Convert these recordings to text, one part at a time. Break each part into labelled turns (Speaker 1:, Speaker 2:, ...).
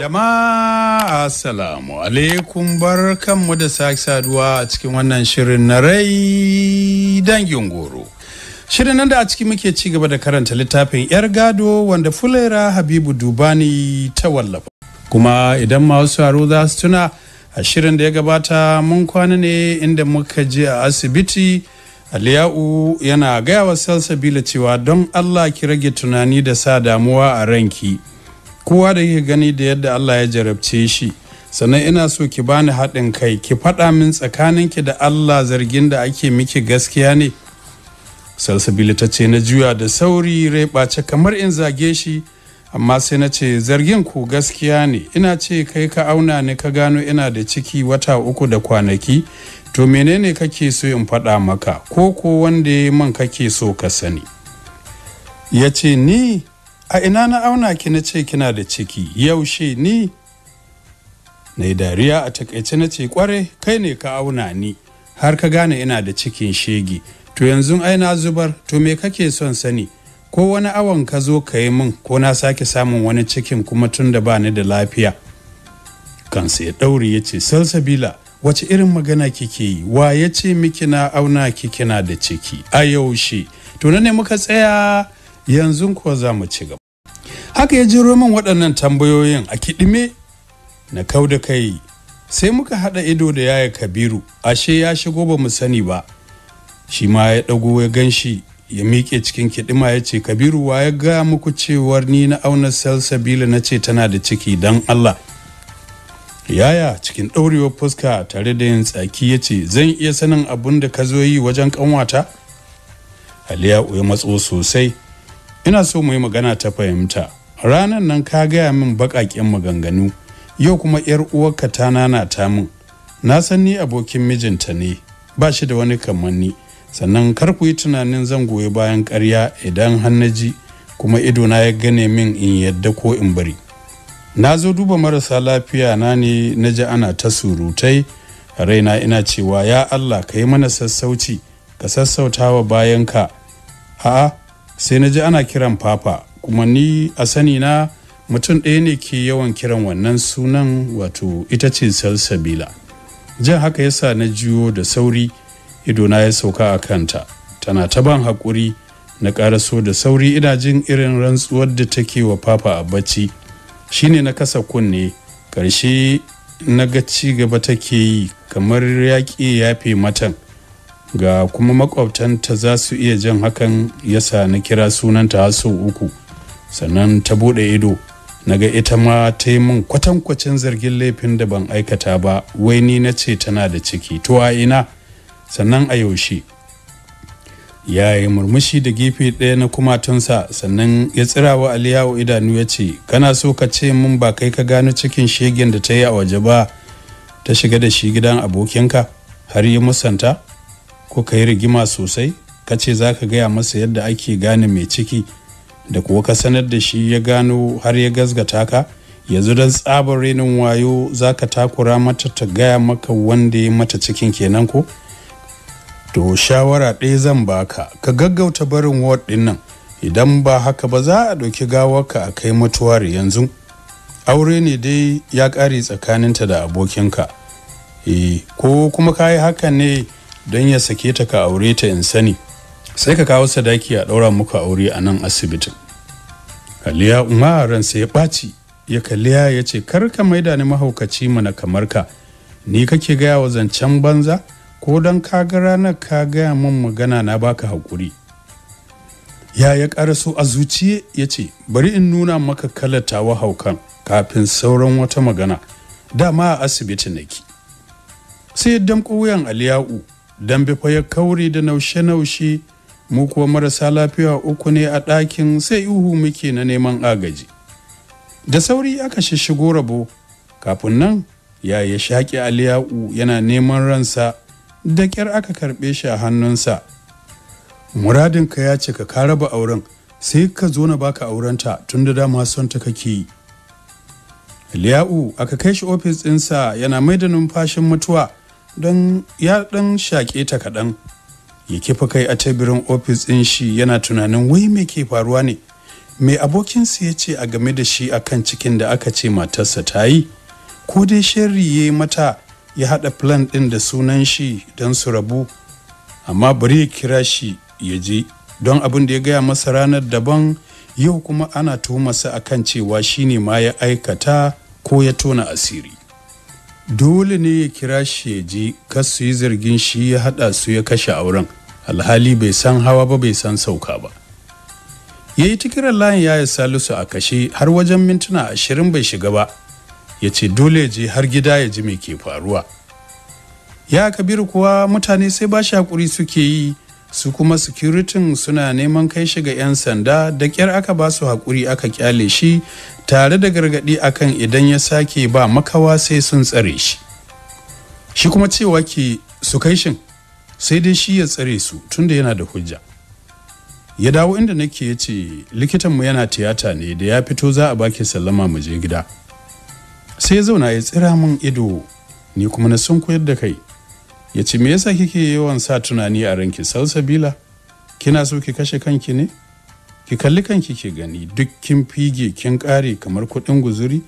Speaker 1: Jama'a Assalamu alaikum bar kanmu da sake saduwa a cikin wannan shirin na rai dangin goro. Shirin nan da a ciki muke ci gaba da karanta littafin 'yar gado wanda Fulera Habibu Dubani ta wallafa. Kuma idan masu haro za su tuna a shirin da ya gabata mun kwana ne inda muka je a asibiti Aliyau yana gaya wa Salsabila cewa don Allah ki rage tunani da sa damuwa a ranki. kowa da yake gani da yadda Allah ya jarabce shi sannan ina so ki bani haɗin kai ki faɗa min tsakanin ki da Allah zargin da ake miki gaskiya ne salsabila ce na juya da sauri rai ɓace kamar in zage shi amma sai na ce zargin ku gaskiya ne ina ce kai ka auna ne ka gano ina da ciki wata uku da kwanaki to menene kake so in faɗa maka ko ko wanda ya man kake so ka sani ya ce ni a ina na auna ki na ce kina da ciki yaushe ni na dariya a takaice na ce kware kai ne ka auna ni har ka gane ina da cikin shege to yanzu ai na zubar to me kake son sani ko wani awon ka zo ka yi min ko na sake samun wani cikin kuma tun da ba ni da lafiya kansa ya dauri ya ce salsabila wace irin magana kike yi wa ya ce miki na auna ki kina da ciki a yaushe to ne muka tsaya yanzu ko za mu ci gaba haka ya jiro min waɗannan tambayoyin a kiɗime na kau da kai sai muka haɗa ido da yaya kabiru ashe ya shigo ba mu sani ba shi ma ya ɗago ya gan shi ya miƙe cikin kiɗima ya ce kabiru wa ya ga muku cewar ni na auna salsabila na ce tana da ciki don allah yaya cikin ɗaurewar fuska tare da yin tsaki ya ce zan iya sanin abun da ka zo yi wajen ƙanwata aliyu ya matso sosai ina so mu yi magana ta fahimta ranan nan ka gaya min baƙaƙen maganganu yau kuma yar uwarka ta nana ta min na san ni abokin mijinta ne ba shi da wani kamanni sannan kar ku yi tunanin zan goyi bayan ƙarya idan hannaji kuma idona ya gane min in yadda ko in bari na zo duba marasa lafiya na ne na ji ana ta surutai raina ina cewa ya allah ka yi mana sassauci ka sassauta sassautawa bayanka a'a sai na ji ana kiran papa kuma ni a sani na mutum ɗaya ne ke yawan kiran wannan sunan wato ita ce salsabila jan haka yasa na jiyo da sauri idona ya sauka a kanta tana ta ban haƙuri na ƙaraso da sauri ina jin irin rantsuwar da take wa fafa a bacci shine na kasa kunne ƙarshe na ga ci gaba take yi kamar yaƙi yafe matan ga kuma makwabtanta za su iya jan hakan yasa na kira sunanta har sau uku sannan ta bude ido na ga ita ma ta yi min kwatankwacin zargin laifin da ban aikata ba wai ni na ce tana da ciki to ina sannan a yaushe ya yi murmushi da gefe ɗaya na kumatunsa sannan ya tsira wa aliyawo idanu ya ce kana so ka ce min ba kai ka gano cikin shegen da ta yi a waje ba ta shiga da shi gidan abokinka har yi musanta ko ka yi rigima sosai ka ce za ka gaya masa yadda ake gane mai ciki da kuwa ka sanar da shi ya gano har ya gazgata ka yanzu don tsabar renin wayo za ka takura mata ta gaya maka wanda ya mata cikin kenan ko to shawara ɗaya zan baka ka gaggauta barin ward ɗin nan idan ba haka ba za a ɗauki ka a kai mutuwar yanzu aure ne dai ya ƙare tsakaninta da abokinka e, ko kuma ka yi haka ne don ya sake ta ka aure ta in sani sai ka kawo sadaki a ɗaura muku aure a nan asibitin kaliya maransa sai ya ɓaci ya kalliya ya ce kar ka maida ni mahaukaci mana kamar ka ni kake gaya wa zancen banza ko don ka ga ranar ka gaya min magana na baka haƙuri ya ya so a zuciye ya ce bari in nuna maka kalatawa haukan kafin sauran wata magana dama a asibiti nake sai ya damƙo wuyan aliya'u dambe fa ya kaure da naushe-naushe mu kuwa marasa lafiya uku ne a ɗakin sai ihu muke na neman agaji da sauri aka shishigo rabo kafin nan ya ya shaƙi aliyu yana neman ransa da ƙyar aka karɓe shi a hannunsa muradinka ya ce ka raba auren sai ka zo na baka aurenta tun da dama son ta kake yi Liya'u aka kai shi ofis ɗinsa yana mai da numfashin mutuwa don ya ɗan shaƙe ta kaɗan. ya kifa kai a teburin ofis ɗin shi yana tunanin wai me ke faruwa ne mai abokinsa ya ce a game da shi akan cikin da aka ce matarsa ta yi ko dai sharri ya mata ya haɗa plan ɗin da sunan shi don su rabu amma bari ya kira shi ya je don abin da ya gaya masa ranar daban yau kuma ana tuhumarsa akan cewa shine ma ya aikata ko ya tona asiri dole ne ya kira shi ya ji kas su yi zargin shi ya haɗa su ya kashe auren alhali bai san hawa ba bai san sauka ba ya yi tikirar layin ya yaya salisu a kashe har wajen mintuna ashirin bai shiga ba ya ce dole ya je har gida ya ji mai ke faruwa ya Kabiru kuwa mutane sai ba shi hakuri suke yi su kuma securitin suna neman kai shi ga 'yan sanda da kyar aka ba su haƙuri aka kyale shi tare da gargaɗi akan idan ya sake ba makawa sai sun tsare shi shi kuma cewa ke su kai shin sai dai shi ya tsare su tunda yana da hujja ya dawo inda nake ya ce likitanmu yana tiyata ne da ya fito za a baki sallama mu je gida sai ya zauna ya tsira min ido ni kuma na sun koyar da kai ya ce me yasa kike yawan sa tunani a ranki salsabila kina so ki kashe kanki ne ki kalli kanki ke gani duk kin fige kin kare kamar kuɗin guzuri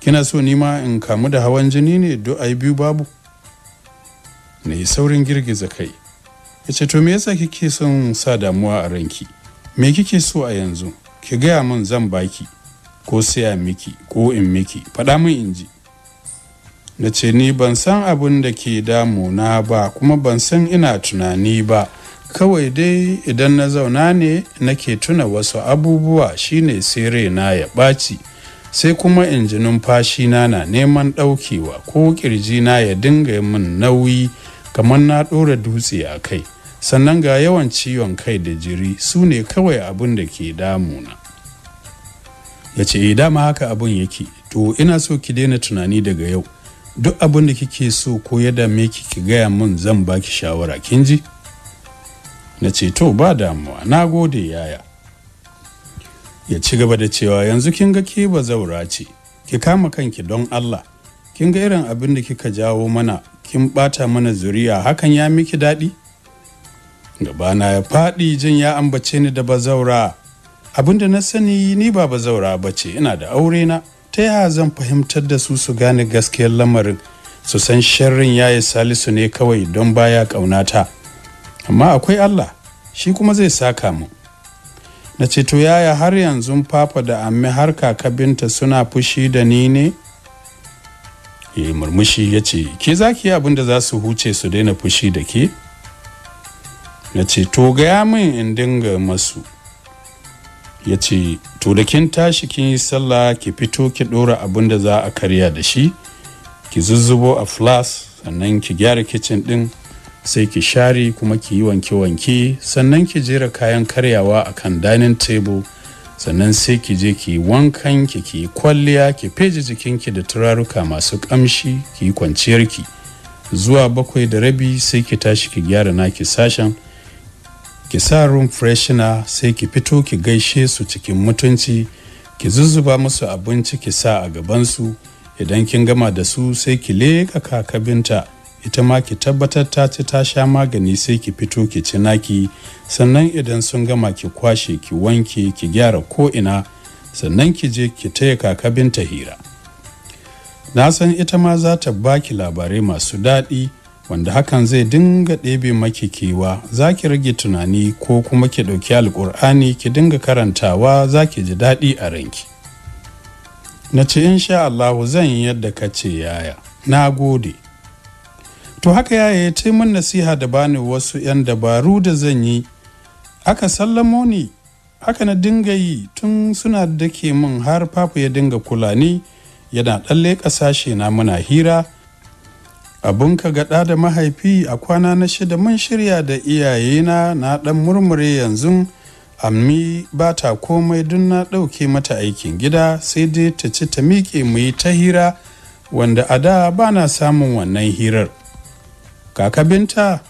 Speaker 1: kina so nima in kamu da hawan jini ne do ai biyu babu na yi saurin girgiza kai ya ce to me yasa kike son sa damuwa a ranki me kike so a yanzu ki gaya min zan baki ko siya miki ko in miki faɗa min in ji na ce ni ban san abin da ke damuna ba kuma ban san ina tunani ba kawai dai idan na zauna ne nake tuna wasu abubuwa shine sai raina ya ɓaci sai kuma injinin fashina na neman ɗaukewa ko ƙirji na ya dinga min nauyi kamar na ɗora dutse a kai sannan ga yawan ciwon kai da jiri su ne kawai abin da ke damuna ya ce eh, dama haka abin yake to ina so ki daina tunani daga yau duk abin da kike so ko ya dame ki ki gaya min zan baki shawara kin ji na ce to ba damuwa na gode yaya ya ci gaba da cewa yanzu kin ga ke ba zaura ce ki kama kanki don Allah kin ga irin abin da kika jawo mana kin bata mana zuriya hakan ya miki daɗi gabana ya faɗi jin ya ambace ni da bazaura abinda na sani ni ba bazaura ba ce ina da aure na ta yaya zan fahimtar da su su gane gaskiyar lamarin su san sharrin yi salisu ne kawai don baya ƙaunata amma akwai allah shi kuma zai saka mu na ce to yaya har yanzu fafa da ammi har kakabinta suna fushi da ni ne e murmushi ya ce ke za ki yi abin da za su huce su daina fushi da ke na ce to gaya min in dinga masu ya ce to da kin tashi kin yi sallah ki fito ki dora abin da za a karya da shi ki zuzzubo a flas sannan ki gyara kicin din sai ki share kuma ki yi wanke-wanke sannan ki jera kayan karyawa a kan dining table sannan sai ki je ki yi wankan ki ki yi kwalliya ki feji jikinki da turaruka masu kamshi ki yi kwanciyarki zuwa bakwai da rabi sai ki tashi ki gyara naki sashen ki sa room freshener sai ki fito ki gaishe su cikin mutunci ki zuzzuba musu abinci ki sa a gaban su idan kin gama da su sai ki leƙa kakabinta ita ma ki tabbatar ta ci ta sha magani sai ki fito ki ci naki sannan idan sun gama ki kwashe ki wanke ki gyara ko ina sannan ki je ki taya kakabinta hira na san ita ma za ta baki labarai masu daɗi wanda hakan zai dinga ɗebe maki kewa za ki rage tunani ko kuma ki ɗauki alƙur'ani ki dinga karantawa za ki ji daɗi a ranki na ce sha Allahu zan yi yadda ka ce yaya na gode to haka yaya ya ce min nasiha da bani wasu 'yan dabaru da zan yi aka sallamo ni haka na dinga yi tun suna dake min har fafu ya dinga kula ni yana ɗalle ƙasashe na muna hira abun ka gaɗa da mahaifi a kwana na shida mun shirya da iyayena na ɗan murmure yanzu ammi ba ta komai don na ɗauke mata aikin gida sai dai ta ci ta miƙe mu yi ta hira wanda a da ba na samun wannan hirar kaka binta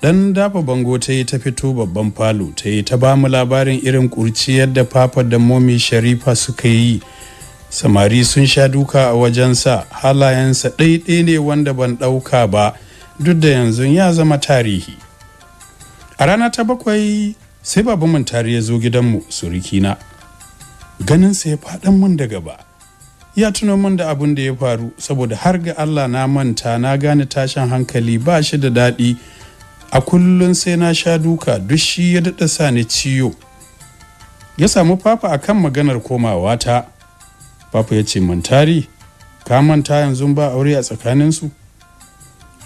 Speaker 1: ɗan dafa bango ta yi ta fito babban falo ta yi ta ba mu labarin irin kurciyar da papa da momi sharifa suka yi samari sun sha duka a wajensa halayensa ɗaiɗai ne wanda ban ɗauka ba duk da yanzu ya zama tarihi a rana ta bakwai sai babu mun tare ya zo gidanmu surikina ganin sa ya faɗan mun da gaba ya tuno mun da abin da ya faru saboda har ga Allah na manta na gane tashin hankali ba shi da daɗi a kullun sai na sha duka duk shi ya daɗa sa ni ciyo ya samu fafa a kan maganar komawa ta Papa ya ce mantari ka manta yanzu ba aure a tsakaninsu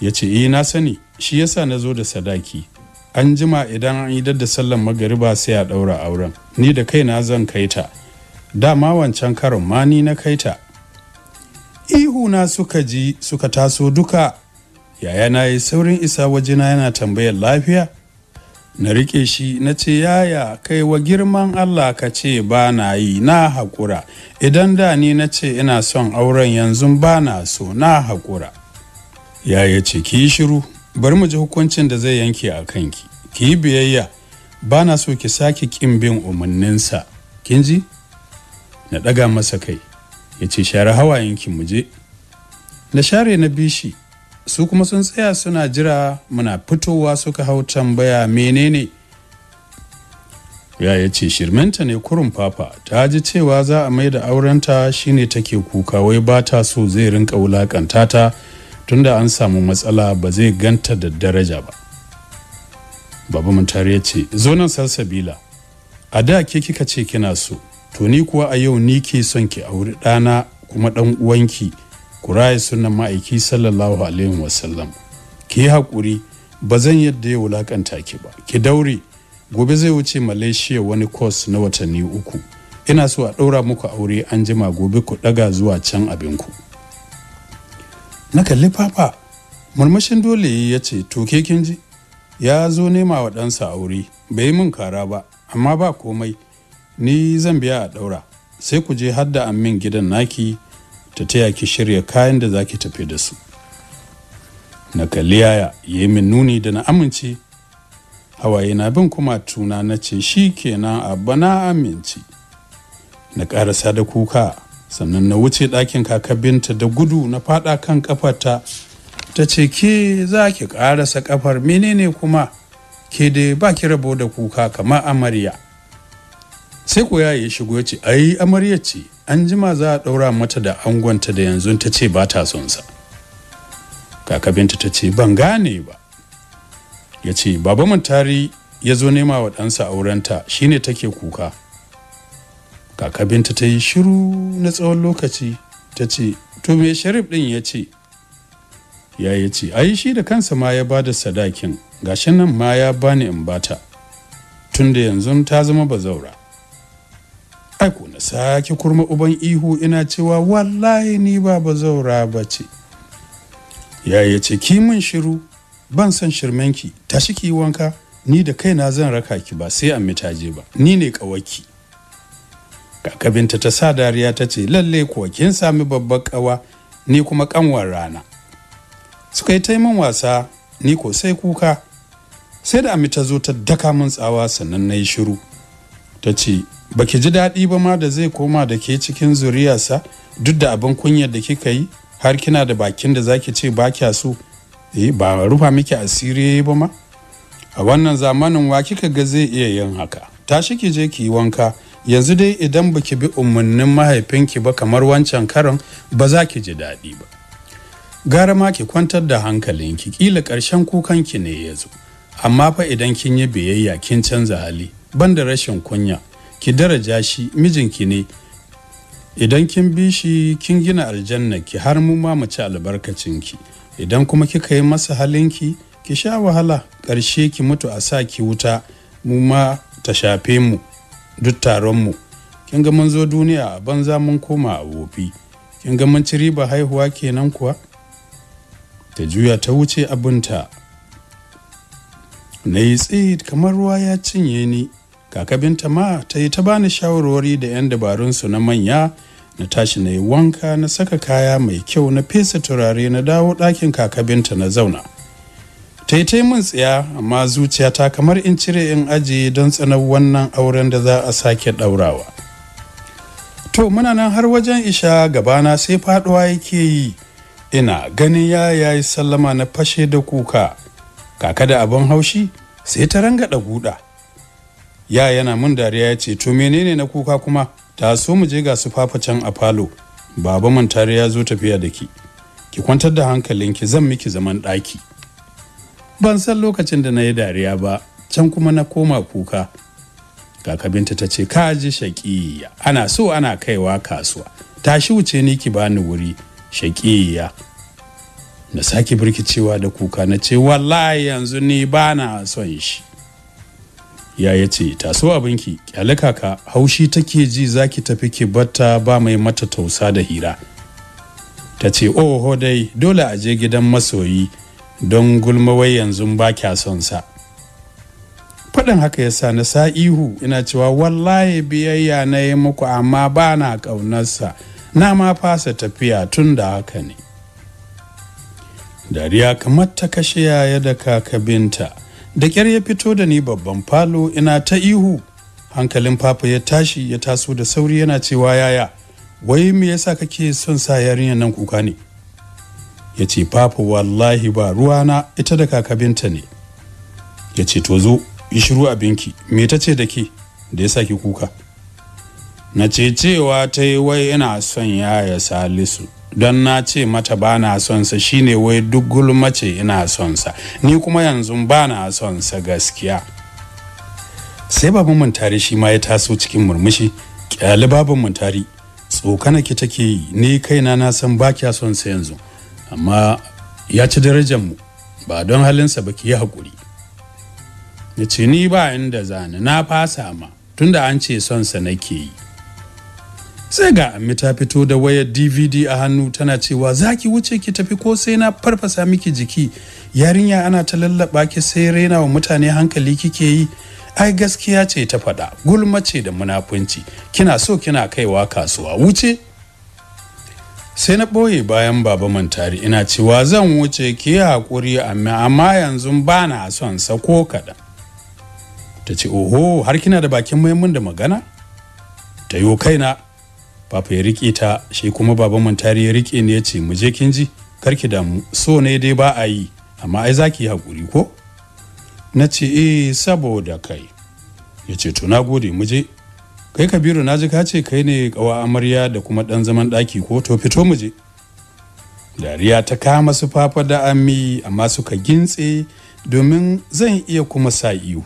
Speaker 1: ya ce eh na sani shi yasa na zo da sadaki an jima idan an yi da sallan magariba sai a ɗaura auren ni da kaina zan kai ta dama wancan karon ma ni na kai ta ihuna suka ji suka taso duka Yaya na yi saurin isa wajena yana tambayar lafiya na rike shi na ce yaya kai wa girman allah ka ce ba na yi na haƙura idan da ni na ce ina son auren yanzu ba na so na haƙura yaya ce ki shiru bari mu ji hukuncin da zai yanke a kanki ki yi biyayya ba na so ki sake ƙin bin umarninsa kin ji na ɗaga masa kai ya ce share hawayenki mu je na share na bishi su kuma sun tsaya suna jira muna fitowa suka hau tambaya menene ya ce shirminta ne kurin fafa ta ji cewa za a mai da aurenta shine take kuka wai ba ta so zai rinka wulakanta ta tunda an samu matsala ba zai ganta da daraja ba babu muntari ya ce zo nan salsabila a da ke kika ce kina so to ni kuwa a yau ni ke son ki auri ɗana kuma ɗan uwanki ku raya sunan ma'aiki sallallahu alaihi wasallam ki haƙuri ba zan yadda ya wulakanta ki ba ki daure gobe zai wuce malaysia wani kos na watanni uku ina so a ɗaura muku aure an jima gobe ku ɗaga zuwa can abinku na kalli papa murmushin dole ya ce to ke kin ji ya zo nema wa ɗansa aure bai yi min kara ba amma ba komai ni zan biya a ɗaura sai ku je hadda min gidan naki ta taya ki shirya kayan da zaki tafi da su na kalli yaya ya min nuni da na amince hawaye na bin kuma tuna na ce shi kenan abba na amince na ƙarasa da kuka sannan na wuce ɗakin kakabinta da gudu na faɗa kan ƙafarta ta ce ke za ki ƙarasa ƙafar menene kuma ke dai ba ki rabo da kuka kama amarya sai ko ya shigo ya ce ai amarya ce an jima za a ɗaura mata da angonta da yanzu ta ce ba ta son sa kakabinta binta ta ce ban gane ba ya ce baba tari ya zo nema wa ɗansa aurenta shine take kuka kakabinta binta ta yi shiru na tsawon lokaci ta ce to me sharif ɗin ya ce ya yi ce ai shi da kansa ma ya ba da sadakin gashin nan ma ya bani in bata tunda yanzu ta zama bazaura saki sake kurma uban ihu ina cewa wallahi ni ba zaura ba ce yaya ce ki min shiru ban san shirmenki tashi ki wanka ni da kaina zan raka ki ba sai an je ba ni ne kawaki kakabinta ta sa dariya ta ce lalle kuwa kin sami babbar kawa ni kuma kanwar rana suka yi taimin wasa ni ko sai kuka sai da amita zo ta daka mun tsawa sannan na yi shiru ta ce ba ki ji daɗi ba ma da zai koma da ke cikin zuriyarsa duk da abin kunya da kika yi har kina da bakin da zaki ce ba kya so eh ba rufa miki asiri ba ma a wannan zamanin wa kika ga zai iya yin haka tashi ki je ki yi wanka yanzu dai idan baki bi umarnin mahaifinki ba kamar wancan karon ba za ki ji daɗi ba gara ma ki kwantar da hankalinki kila ƙarshen kukanki ne ya zo amma fa idan kin yi biyayya kin canza hali Ban da rashin kunya ki daraja shi mijinki ne idan kin bi shi kin gina aljanna ki har mu ma mu ci albarkacinki idan kuma kika yi masa halinki ki sha wahala ƙarshe ki mutu a sa ki wuta mu ma ta shafe mu duk taron mu kin ga mun zo duniya a banza mun koma a kin ga mun ci riba haihuwa kenan kuwa ta juya ta wuce abinta na yi tsid kamar ruwa ya cinye ni kakabinta ma ta yi ta bani shawarwari da 'yan dabarunsu na manya na tashi na yi wanka na saka kaya mai kyau na fesa turare na dawo ɗakin kakabinta na zauna ta yi ta yi min tsiya amma zuciyata kamar in cire in aji don tsanar wannan auren da za a sake ɗaurawa to muna nan har wajen isha gabana sai faɗuwa yake yi ina ganin ya yayi sallama na fashe da kuka kaka da abin haushi sai ta ranga ɗaguɗa ya yana mun dariya ya ce to menene na kuka kuma ta so mu je ga su fafa can a falo baba man tare ya zo tafiya da ki ki kwantar da hankalin ki zan miki zaman daki. ban san lokacin da na yi dariya ba can kuma na koma kuka kakabinta ta ce ka ji shaƙiya ana so ana kaiwa kasuwa tashi wuce ni ki bani wuri shaƙiya na sake birkicewa da kuka na ce wallahi yanzu ni bana son shi ya ya ce taso abinki kyale kaka haushi take ji zaki tafi ki batta ba mai mata tausa da hira ta ce oho dai dole a je gidan masoyi don gulma wai yanzu ba kya son sa faɗin haka yasa na sa ihu ina cewa wallahi biyayya na yi muku amma ba na ƙaunarsa na ma fasa tafiya tun da haka ne dariya kamar ta kashe yaya da kaka binta da ƙyar ya fito da ni babban falo ina ta ihu hankalin papa ya tashi ya taso da sauri yana cewa yaya wai me yasa kake son sa yarinyar nan kuka ne ya ce papa wallahi ba ruwa na. ita da kakabinta ne ya ce to zo yi shiru abinki me ta ce da ke da yasa ki kuka na ce cewa ta yi wai ina son yaya salisu don na ce mata ba na sonsa shine wai duk gulma ina sonsa, ni kuma yanzu ba na son gaskiya sai babin muntari shi ma ya taso cikin murmushi kyali babin muntari tsokana ki take yi ni kaina na san ba kya sonsa yanzu amma ya ci darajar mu ba don halinsa ba ki yi hakuri ya ni ba inda zani na fasa ma tunda an ce sonsa nake yi sai ga ammi ta fito da wayar dvd a hannu tana cewa za ki wuce ki tafi ko sai na farfasa miki jiki yarinya ana ta lallaba ki sai raina wa mutane hankali kike yi ai gaskiya ce ta faɗa gulma ce da munafunci kina so kina kaiwa kasuwa wuce sai na ɓoye bayan baba mantari ina cewa zan wuce ki haƙuri amma yanzu ba na son sako kaɗan ta ce oho har kina da bakin maimun da magana ta yi kaina papa ya rike ta shi kuma baban mantari ya rike ne ya ce mu je kin ji karki damu so ne dai ba a yi amma ai zaki hakuri ko na ce eh saboda kai ya ce to na gode mu je kai kabiru na ji ka ce kai ne ƙawa amarya da kuma ɗan zaman ɗaki ko to fito mu je dariya ta kama su fafa da ammi amma suka gintse domin zan iya kuma sa ihu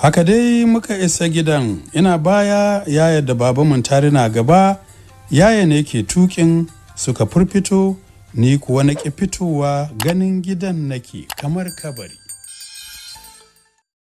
Speaker 1: haka dai muka isa gidan ina baya yaya da baba tare na gaba yaya ne ke tukin suka furfito ni kuwa na fitowa ganin gidan nake kamar kabari